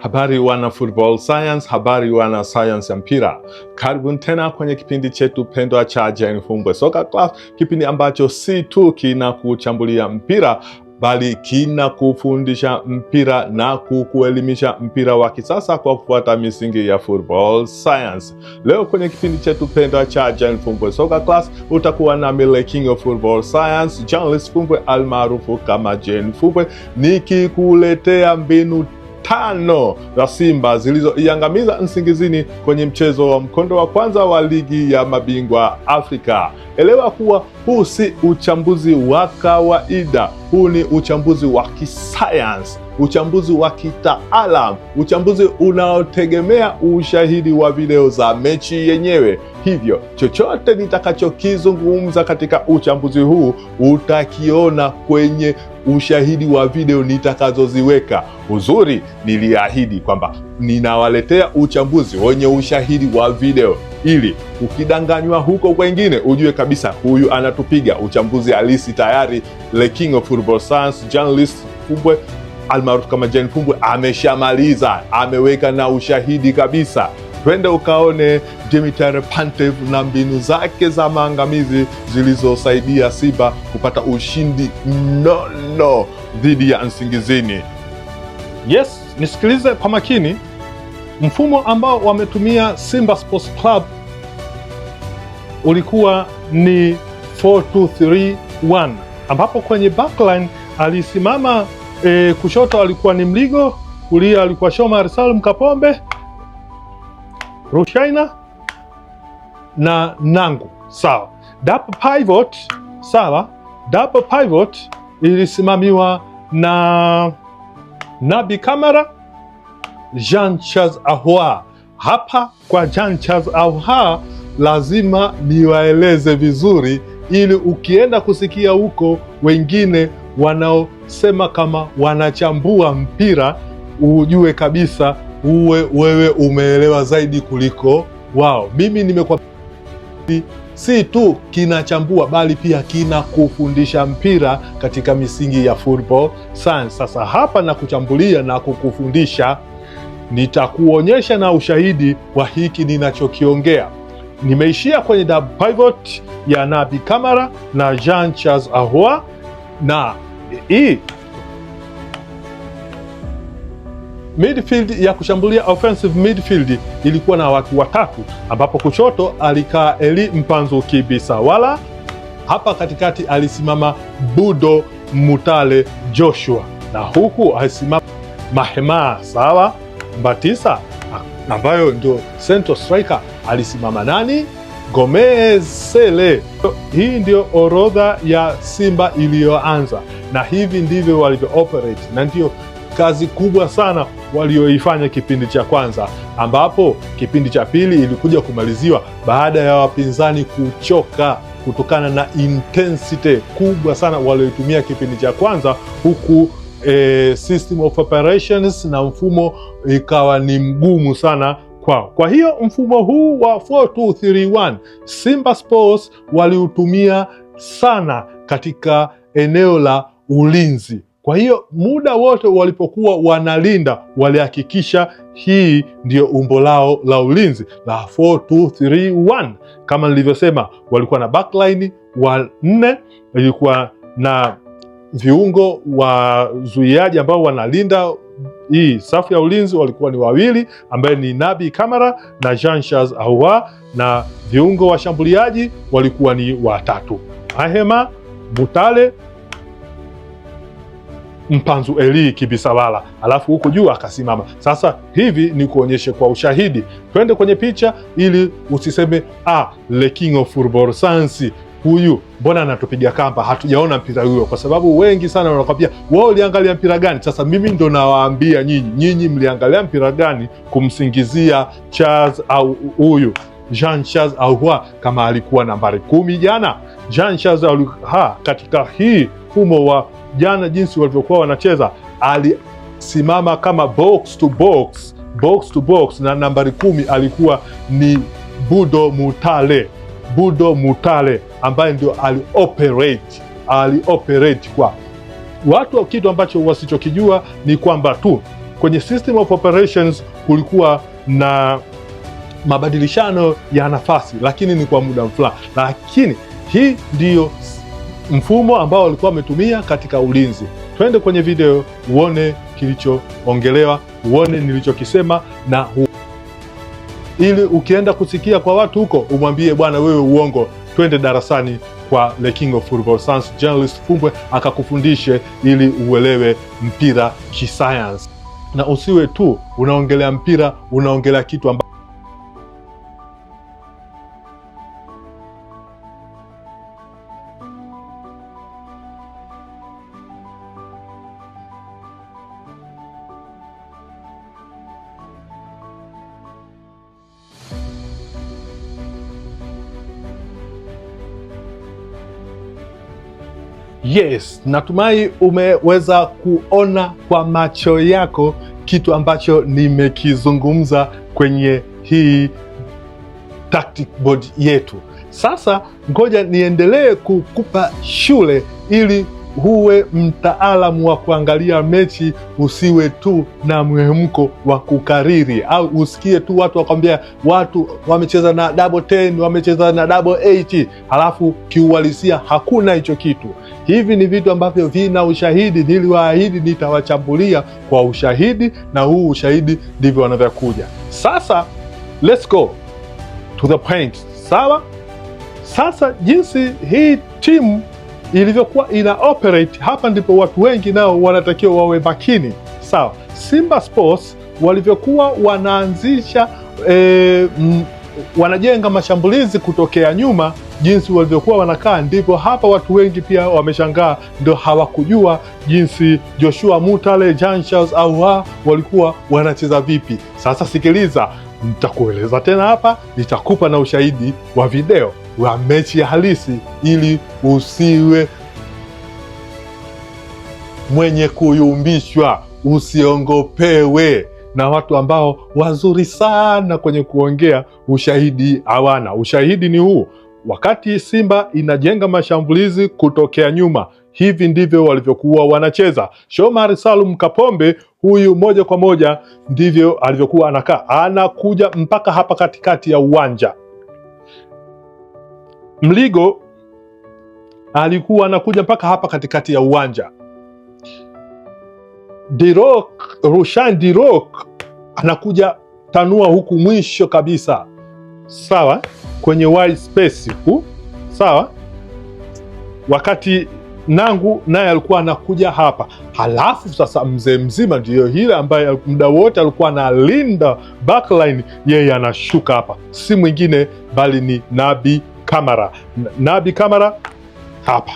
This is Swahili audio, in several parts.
Habari wana football science, habari wana science ya mpira, karibuni tena kwenye kipindi chetu pendwa cha Jane Fumbwe Soccer Club, kipindi ambacho si tu kinakuchambulia mpira bali kina kufundisha mpira na kukuelimisha mpira wa kisasa kwa kufuata misingi ya football science. Leo kwenye kipindi chetu pendwa cha Jane Fumbwe Soccer Class utakuwa na Mile King of football science, Journalist Fumbwe almaarufu kama Jane Fumbwe, nikikuletea mbinu tano za Simba zilizoiangamiza Nsingizini kwenye mchezo wa mkondo wa kwanza wa ligi ya mabingwa Afrika. Elewa kuwa huu si uchambuzi wa kawaida, huu ni uchambuzi wa kisayansi, uchambuzi wa kitaalam, uchambuzi unaotegemea ushahidi wa video za mechi yenyewe. Hivyo chochote nitakachokizungumza katika uchambuzi huu utakiona kwenye ushahidi wa video nitakazoziweka. Uzuri, niliahidi kwamba ninawaletea uchambuzi wenye ushahidi wa video ili ukidanganywa huko kwengine ujue kabisa huyu anatupiga. Uchambuzi halisi tayari Le King of Football Science journalist Fumbwe almaarufu kama Jane Fumbwe ameshamaliza, ameweka na ushahidi kabisa twende ukaone Dimitar Pantev na mbinu zake za maangamizi zilizosaidia Simba kupata ushindi mnono dhidi ya Nsingizini. Yes, nisikilize kwa makini. Mfumo ambao wametumia Simba Sports Club ulikuwa ni 4231 ambapo kwenye backline alisimama e, kushoto alikuwa ni Mligo, kulia alikuwa Shomari Salum Kapombe Rushaina na Nangu, sawa. Double pivot, sawa. Double pivot ilisimamiwa na Nabi Kamara, Jean Charles Ahoua. Hapa kwa Jean Charles Ahoua lazima niwaeleze vizuri, ili ukienda kusikia huko wengine wanaosema kama wanachambua mpira ujue kabisa uwe wewe umeelewa zaidi kuliko wao. Mimi nimekuwa si tu kinachambua bali pia kinakufundisha mpira katika misingi ya football science. Sasa hapa na kuchambulia na kukufundisha, nitakuonyesha na ushahidi wa hiki ninachokiongea. Nimeishia kwenye double pivot ya Nabi Kamara na Jean Charles Ahoua na hii midfield ya kushambulia offensive midfield ilikuwa na watu watatu, ambapo kushoto alikaa Eli Mpanzu wala hapa katikati alisimama Budo Mutale Joshua na huku alisimama Mahema sawa Mbatisa, ambayo ndio central striker alisimama nani? Gomez Sele. Hii ndio orodha ya Simba iliyoanza, na hivi ndivyo walivyo operate, na ndiyo kazi kubwa sana walioifanya kipindi cha kwanza, ambapo kipindi cha pili ilikuja kumaliziwa baada ya wapinzani kuchoka kutokana na intensity kubwa sana walioitumia kipindi cha kwanza, huku e, system of operations na mfumo ikawa ni mgumu sana kwao. Kwa hiyo mfumo huu wa 4231 Simba Sports waliutumia sana katika eneo la ulinzi. Kwa hiyo muda wote walipokuwa wanalinda, walihakikisha hii ndiyo umbo lao la ulinzi la 4231 kama nilivyosema, walikuwa na backline wa nne, ilikuwa na viungo wazuiaji ambao wanalinda hii safu ya ulinzi walikuwa ni wawili, ambaye ni Nabi Kamara na Jean Charles Ahoua, na viungo washambuliaji walikuwa ni watatu Ahema Butale Mpanzu Eli Kibisawala, alafu huku juu akasimama. Sasa hivi ni kuonyeshe kwa ushahidi, twende kwenye picha ili usiseme ah, le king of sansi huyu mbona anatupiga kamba, hatujaona mpira huyo? Kwa sababu wengi sana wanakwambia wao uliangalia mpira gani? Sasa mimi ndo nawaambia nyinyi, nyinyi mliangalia mpira gani kumsingizia Charles au huyu Jean Charles Ahoua kama alikuwa nambari kumi jana? Jean Charles Ahoua katika hii mfumo wa jana jinsi walivyokuwa wanacheza, alisimama kama box to box, box to box, na nambari kumi alikuwa ni Budo Mutale, Budo Mutale ambaye ndio alioperate, alioperate kwa watu. Kitu ambacho wasichokijua ni kwamba tu kwenye system of operations kulikuwa na mabadilishano ya nafasi, lakini ni kwa muda fulani, lakini hii ndiyo mfumo ambao walikuwa wametumia katika ulinzi. Twende kwenye video uone kilichoongelewa, uone nilichokisema na hu... ili ukienda kusikia kwa watu huko umwambie bwana, wewe uongo, twende darasani kwa Le King of Football Science Journalist Fumbwe akakufundishe ili uelewe mpira kisayansi, na usiwe tu unaongelea mpira, unaongelea kitu ambacho Yes, natumai umeweza kuona kwa macho yako kitu ambacho nimekizungumza kwenye hii tactic board yetu. Sasa ngoja niendelee kukupa shule ili huwe mtaalamu wa kuangalia mechi, usiwe tu na mwemko wa kukariri, au usikie tu watu wakwambia watu wamecheza na double ten, wamecheza na double eight, halafu kiuhalisia hakuna hicho kitu. Hivi ni vitu ambavyo vina ushahidi, niliwaahidi nitawachambulia kwa ushahidi, na huu ushahidi ndivyo wanavyokuja sasa. Let's go to the point. Sawa, sasa jinsi hii timu ilivyokuwa ina operate. Hapa ndipo watu wengi nao wanatakiwa wawe makini, sawa. Simba Sports walivyokuwa wanaanzisha e, m, wanajenga mashambulizi kutokea nyuma, jinsi walivyokuwa wanakaa, ndipo hapa watu wengi pia wameshangaa, ndo hawakujua jinsi Joshua Mutale, Jean Charles Ahoua walikuwa wanacheza vipi. Sasa sikiliza, nitakueleza tena hapa, nitakupa na ushahidi wa video wa mechi ya halisi ili usiwe mwenye kuyumbishwa, usiongopewe na watu ambao wazuri sana kwenye kuongea, ushahidi hawana. Ushahidi ni huu: wakati Simba inajenga mashambulizi kutokea nyuma, hivi ndivyo walivyokuwa wanacheza. Shomari Salum Kapombe huyu moja kwa moja ndivyo alivyokuwa anakaa, anakuja mpaka hapa katikati ya uwanja. Mligo alikuwa anakuja mpaka hapa katikati ya uwanja. Dirok, Rushan Dirok anakuja tanua huku mwisho kabisa, sawa, kwenye wide space huku, sawa. Wakati Nangu naye alikuwa anakuja hapa, halafu sasa mzee mzima ndiyo hile ambaye muda wote alikuwa analinda backline, yeye anashuka hapa, si mwingine bali ni Nabi Kamara Nabi Kamara hapa.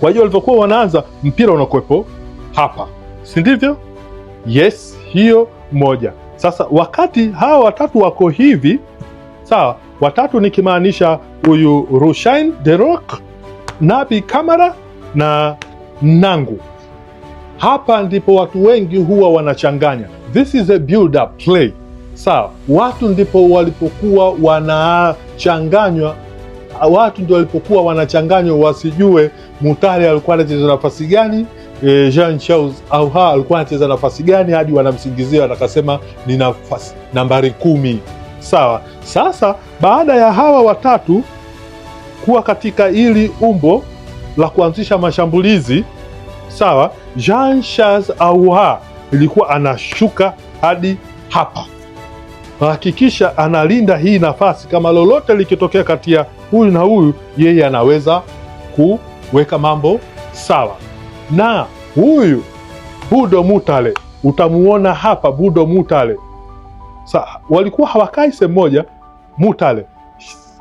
Kwa hiyo walivyokuwa wanaanza mpira unakuwepo hapa, si ndivyo? Yes, hiyo moja. Sasa wakati hawa watatu wako hivi, sawa, watatu nikimaanisha huyu Rushain De Reuck, Nabi Kamara na Nangu. Hapa ndipo watu wengi huwa wanachanganya. This is a build up play sawa. Watu ndipo walipokuwa wanachanganywa, watu ndio walipokuwa wanachanganywa, wasijue mutare alikuwa anacheza nafasi gani, e, Jean Charles Ahoua alikuwa anacheza nafasi gani, hadi wanamsingizia wakasema ni nafasi nambari kumi. Sawa. Sasa baada ya hawa watatu kuwa katika hili umbo la kuanzisha mashambulizi sawa, Jean Charles Ahoua ilikuwa anashuka hadi hapa hakikisha analinda hii nafasi. Kama lolote likitokea kati ya huyu na huyu, yeye anaweza kuweka mambo sawa. Na huyu Budo Mutale utamuona hapa. Budo Mutale sa, walikuwa hawakai sehemu moja Mutale.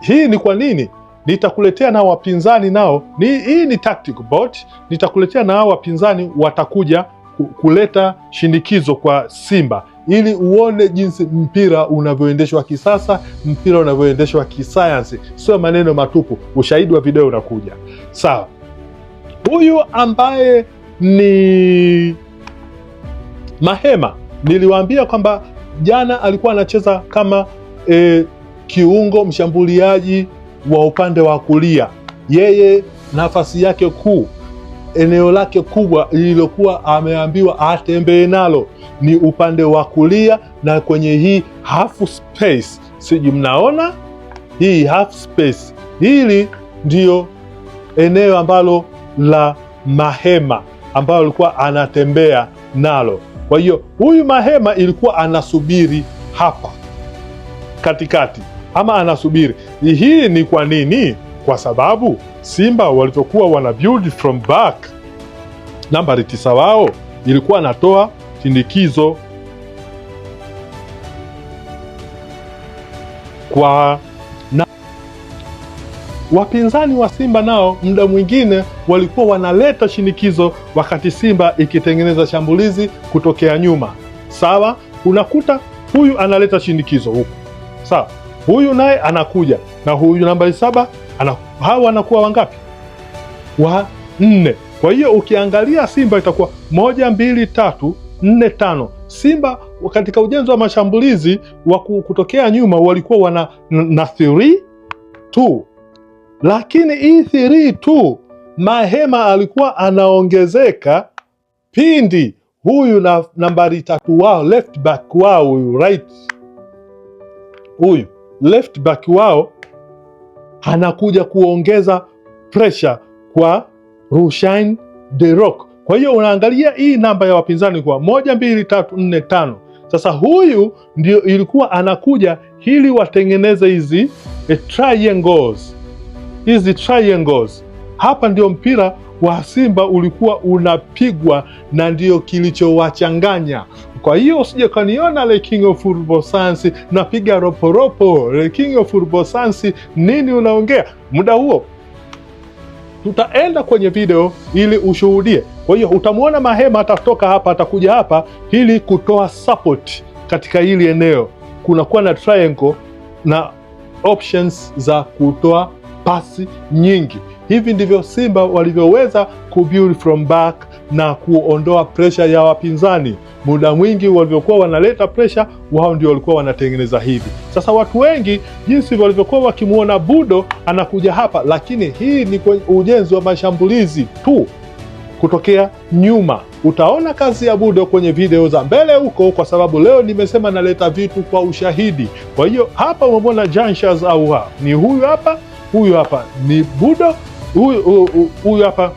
Hii ni kwa nini? Nitakuletea na wapinzani nao ni, hii ni tactic bot. Nitakuletea na wapinzani watakuja kuleta shinikizo kwa Simba ili uone jinsi mpira unavyoendeshwa kisasa, mpira unavyoendeshwa kisayansi, sio maneno matupu. Ushahidi wa video unakuja. Sawa, huyu ambaye ni Mahema, niliwaambia kwamba jana alikuwa anacheza kama e, kiungo mshambuliaji wa upande wa kulia, yeye nafasi yake kuu eneo lake kubwa lililokuwa ameambiwa atembee nalo ni upande wa kulia, na kwenye hii half space, sijui mnaona hii half space, hili ndiyo eneo ambalo la mahema ambayo alikuwa anatembea nalo. Kwa hiyo huyu mahema ilikuwa anasubiri hapa katikati, ama anasubiri hii. Ni kwa nini? kwa sababu Simba walivyokuwa wana build from back, nambari tisa wao ilikuwa anatoa shinikizo kwa na... wapinzani wa Simba nao muda mwingine walikuwa wanaleta shinikizo wakati Simba ikitengeneza shambulizi kutokea nyuma. Sawa, unakuta huyu analeta shinikizo huku, sawa, huyu naye anakuja na huyu nambari saba ana, hawa wanakuwa wangapi? Wa nne. Kwa hiyo ukiangalia Simba itakuwa moja, mbili, tatu, nne, tano. Simba katika ujenzi wa mashambulizi wa kutokea nyuma walikuwa wana na 3 2 lakini hii 3 2 Mahema alikuwa anaongezeka pindi huyu na nambari tatu wao left back wao huyu right, huyu left back wao anakuja kuongeza pressure kwa rushin De Rok. Kwa hiyo unaangalia hii namba ya wapinzani kwa moja, mbili, tatu, nne, tano. Sasa huyu ndio ilikuwa anakuja ili watengeneze hizi e, triangles hizi triangles. Hapa ndio mpira wa Simba ulikuwa unapigwa na ndio kilichowachanganya. Kwa hiyo usije kaniona le king of urbosansi napiga roporopo, le king of urbosansi nini unaongea muda huo. Tutaenda kwenye video ili ushuhudie. Kwa hiyo utamwona Mahema atatoka hapa, atakuja hapa ili kutoa support katika hili eneo. Kunakuwa na triangle na options za kutoa pasi nyingi. Hivi ndivyo Simba walivyoweza kubuild from back na kuondoa presha ya wapinzani. Muda mwingi walivyokuwa wanaleta presha, wao ndio walikuwa wanatengeneza hivi. Sasa watu wengi jinsi walivyokuwa wakimwona Budo anakuja hapa, lakini hii ni ujenzi wa mashambulizi tu kutokea nyuma. Utaona kazi ya Budo kwenye video za mbele huko, kwa sababu leo nimesema naleta vitu kwa ushahidi. Kwa hiyo hapa umemwona Janshas au ni huyu hapa, huyu hapa ni Budo, huyu hapa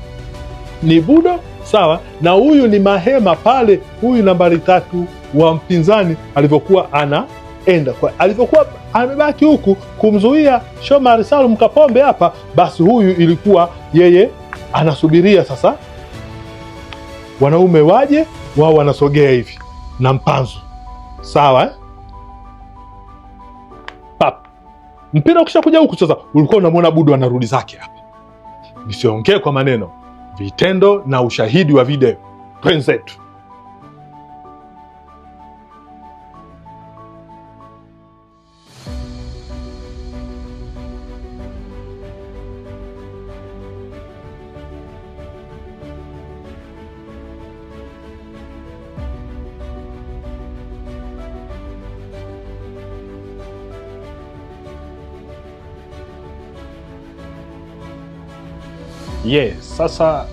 ni Budo sawa na huyu ni mahema pale, huyu nambari tatu wa mpinzani alivyokuwa anaenda kwa alivyokuwa amebaki huku kumzuia Shomari Salum Kapombe hapa, basi huyu ilikuwa yeye anasubiria sasa wanaume waje, wao wanasogea hivi na mpanzu sawa eh? Pap. Mpira ukishakuja huku sasa, ulikuwa unamwona Budo anarudi zake hapa, nisiongee kwa maneno vitendo na ushahidi wa video. Twenzetu. Yes, sasa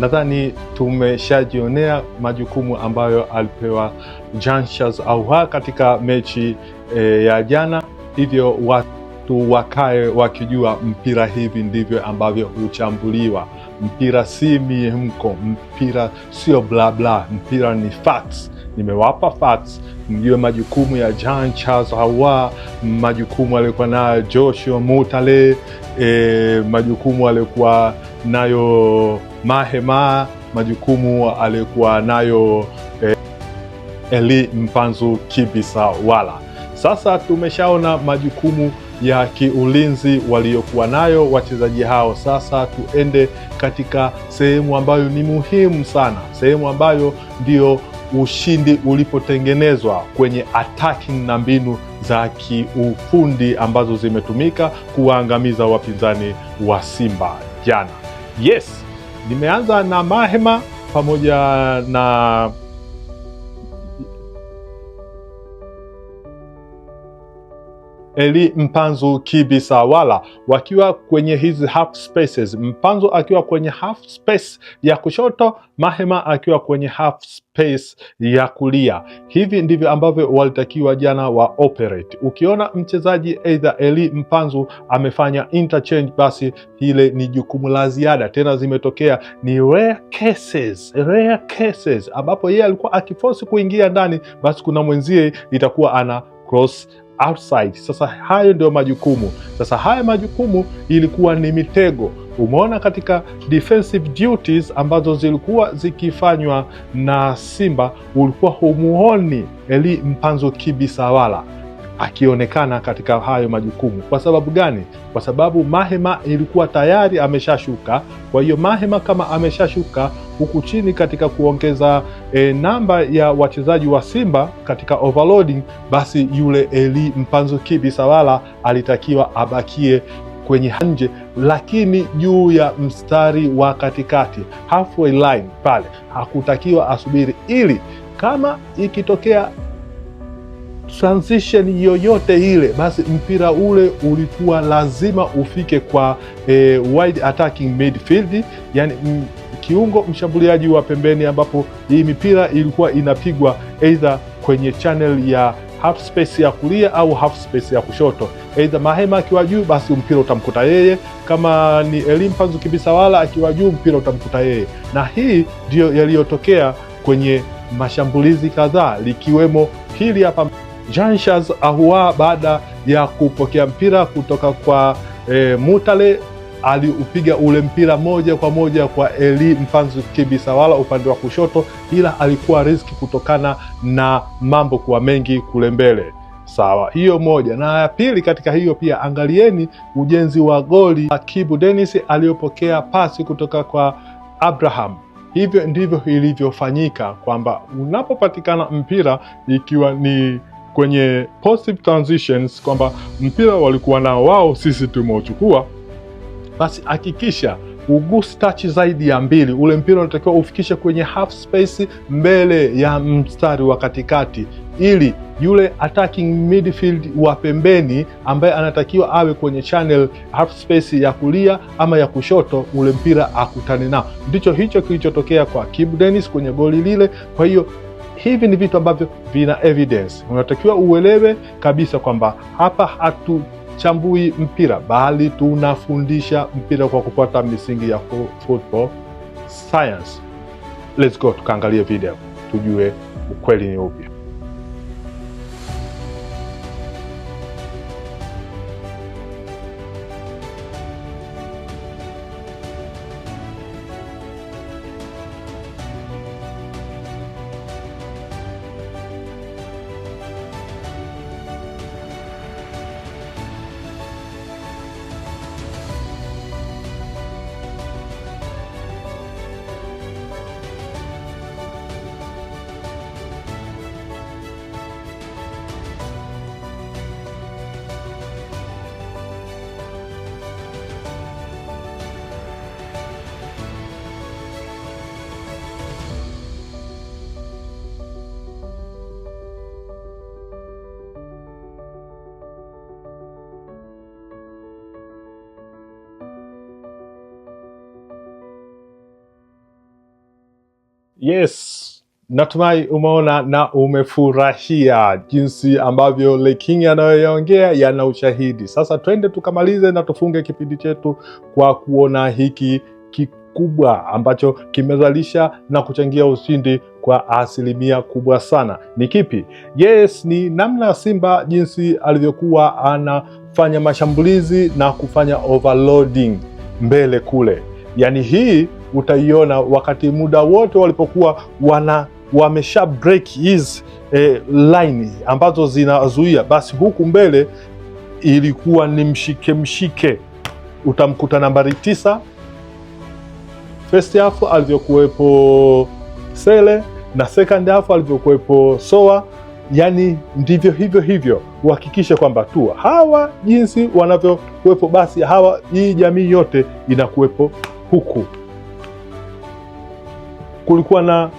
nadhani tumeshajionea majukumu ambayo alipewa Jansha Ahuha katika mechi e, ya jana, hivyo watu watu wakae wakijua mpira hivi ndivyo ambavyo huchambuliwa. Mpira si miemko, mpira sio bla bla, mpira ni facts. Nimewapa facts mjue majukumu ya Jean Charles Ahoua, majukumu aliyokuwa nayo Joshua Mutale, e, majukumu aliyokuwa nayo Mahema, majukumu aliyokuwa nayo e, Eli Mpanzu Kibisa wala sasa tumeshaona majukumu ya kiulinzi waliokuwa nayo wachezaji hao. Sasa tuende katika sehemu ambayo ni muhimu sana, sehemu ambayo ndio ushindi ulipotengenezwa kwenye attacking na mbinu za kiufundi ambazo zimetumika kuwaangamiza wapinzani wa Simba jana. Yes, nimeanza na Mahema pamoja na Eli Mpanzu Kibisawala wakiwa kwenye hizi half spaces, Mpanzu akiwa kwenye half space ya kushoto, Mahema akiwa kwenye half space ya kulia. Hivi ndivyo ambavyo walitakiwa jana wa operate. Ukiona mchezaji either Eli Mpanzu amefanya interchange, basi ile ni jukumu la ziada. Tena zimetokea ni rare cases, rare cases ambapo yeye alikuwa akiforce kuingia ndani, basi kuna mwenzie itakuwa ana cross outside. Sasa hayo ndio majukumu. Sasa haya majukumu ilikuwa ni mitego. Umeona katika defensive duties ambazo zilikuwa zikifanywa na Simba, ulikuwa humuoni Eli Mpanzo Kibisawala akionekana katika hayo majukumu. Kwa sababu gani? Kwa sababu Mahema ilikuwa tayari ameshashuka. Kwa hiyo Mahema kama ameshashuka huku chini katika kuongeza e, namba ya wachezaji wa Simba katika overloading, basi yule Eli Mpanzu Kibi Sawala alitakiwa abakie kwenye nje lakini juu ya mstari wa katikati halfway line pale hakutakiwa asubiri, ili kama ikitokea transition yoyote ile, basi mpira ule ulikuwa lazima ufike kwa e, wide attacking midfield, yani m, kiungo mshambuliaji wa pembeni, ambapo hii mipira ilikuwa inapigwa either kwenye channel ya half space ya kulia au half space ya kushoto. Aidha Mahema akiwa juu, basi mpira utamkuta yeye. Kama ni Elimpanzu Kibisawala akiwa juu, mpira utamkuta yeye, na hii ndiyo yaliyotokea kwenye mashambulizi kadhaa likiwemo hili hapa jean Ahua baada ya kupokea mpira kutoka kwa e, Mutale aliupiga ule mpira moja kwa moja kwa Eli Mpanzu Kibisawala upande wa kushoto, ila alikuwa riski kutokana na mambo kuwa mengi kule mbele. Sawa, hiyo moja. Na ya pili katika hiyo pia, angalieni ujenzi wa goli Kibu Dennis aliyopokea pasi kutoka kwa Abraham. Hivyo ndivyo ilivyofanyika kwamba unapopatikana mpira ikiwa ni kwenye positive transitions kwamba mpira walikuwa nao wao, sisi tumeuchukua, basi hakikisha ugusi tachi zaidi ya mbili, ule mpira unatakiwa ufikishe kwenye half space, mbele ya mstari wa katikati, ili yule attacking midfield wa pembeni ambaye anatakiwa awe kwenye channel half space ya kulia ama ya kushoto, ule mpira akutane nao. Ndicho hicho kilichotokea kwa Kibu Dennis kwenye goli lile. Kwa hiyo hivi ni vitu ambavyo vina evidence. Unatakiwa uelewe kabisa kwamba hapa hatuchambui mpira, bali tunafundisha mpira kwa kupata misingi ya football science. Let's go tukaangalie video tujue ukweli ni upi. Yes, Natumai umeona na umefurahia jinsi ambavyo Leking anayoyaongea yana ushahidi. Sasa twende tukamalize na tufunge kipindi chetu kwa kuona hiki kikubwa ambacho kimezalisha na kuchangia ushindi kwa asilimia kubwa sana. Ni kipi? Yes, ni namna Simba jinsi alivyokuwa anafanya mashambulizi na kufanya overloading mbele kule, yaani hii utaiona wakati muda wote walipokuwa wana wamesha break hizi eh, line ambazo zinazuia, basi huku mbele ilikuwa ni mshike mshike. Utamkuta nambari tisa first half alivyokuwepo Sele na second half alivyokuwepo Soa, yani ndivyo hivyo hivyo. Uhakikishe kwamba tu hawa jinsi wanavyokuwepo, basi hawa hii jamii yote inakuwepo huku kulikuwa na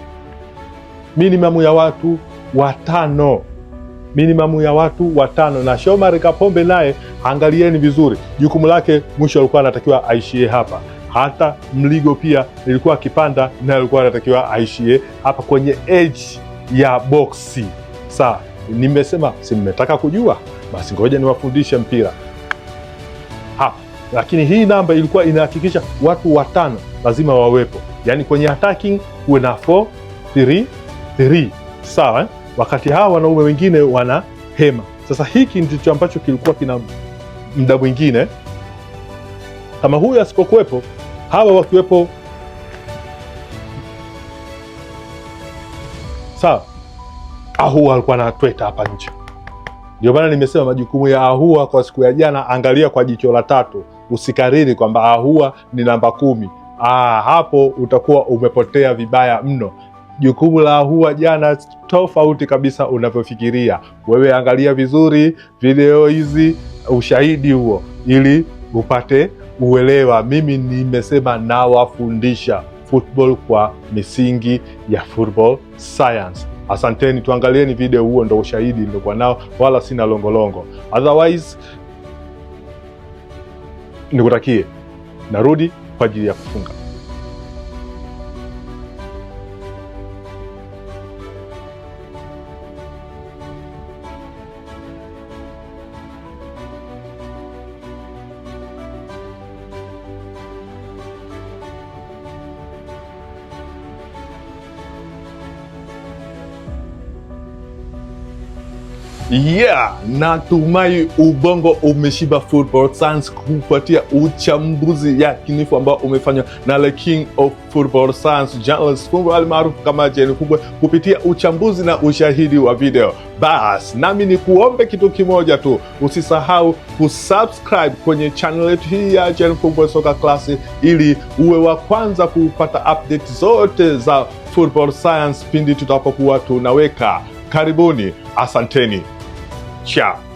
minimum ya watu watano minimamu ya watu watano. Na Shomari Kapombe naye, angalieni vizuri jukumu lake, mwisho alikuwa anatakiwa aishie hapa. Hata Mligo pia ilikuwa akipanda, naye alikuwa anatakiwa aishie hapa kwenye edge ya boksi. Saa nimesema si mmetaka kujua, basi ngoja niwafundishe mpira hapa. Lakini hii namba ilikuwa inahakikisha watu watano lazima wawepo yani kwenye attacking uwe na 4 3 3, sawa eh? Wakati hawa wanaume wengine wana hema. Sasa hiki ndicho ambacho kilikuwa kina mda mwingine kama huyu asipokuwepo, hawa wakiwepo, sawa. Ahua alikuwa na tweta hapa nje, ndio maana nimesema majukumu ya Ahua kwa siku ya jana, angalia kwa jicho la tatu, usikariri kwamba Ahua ni namba kumi ah, hapo utakuwa umepotea vibaya mno. Jukumu la huwa jana tofauti kabisa unavyofikiria wewe. Angalia vizuri video hizi, ushahidi huo, ili upate uelewa. Mimi nimesema nawafundisha football kwa misingi ya football science. Asanteni, tuangalieni video, huo ndo ushahidi nilikuwa nao, wala sina longolongo -longo. Otherwise nikutakie narudi kwa ajili ya kufunga. Yeah, natumai ubongo umeshiba. Football Science kupatia uchambuzi ya kinifu ambao umefanywa na le king of football science journalist kungwe almaarufu kama Jeni Kungwe kupitia uchambuzi na ushahidi wa video. Bas nami ni kuombe kitu kimoja tu, usisahau kusubscribe kwenye channel yetu hii ya Jeni Kungwe Soka Klasi ili uwe wa kwanza kupata update zote za football science pindi tutapokuwa tunaweka. Karibuni, asanteni. Tchau!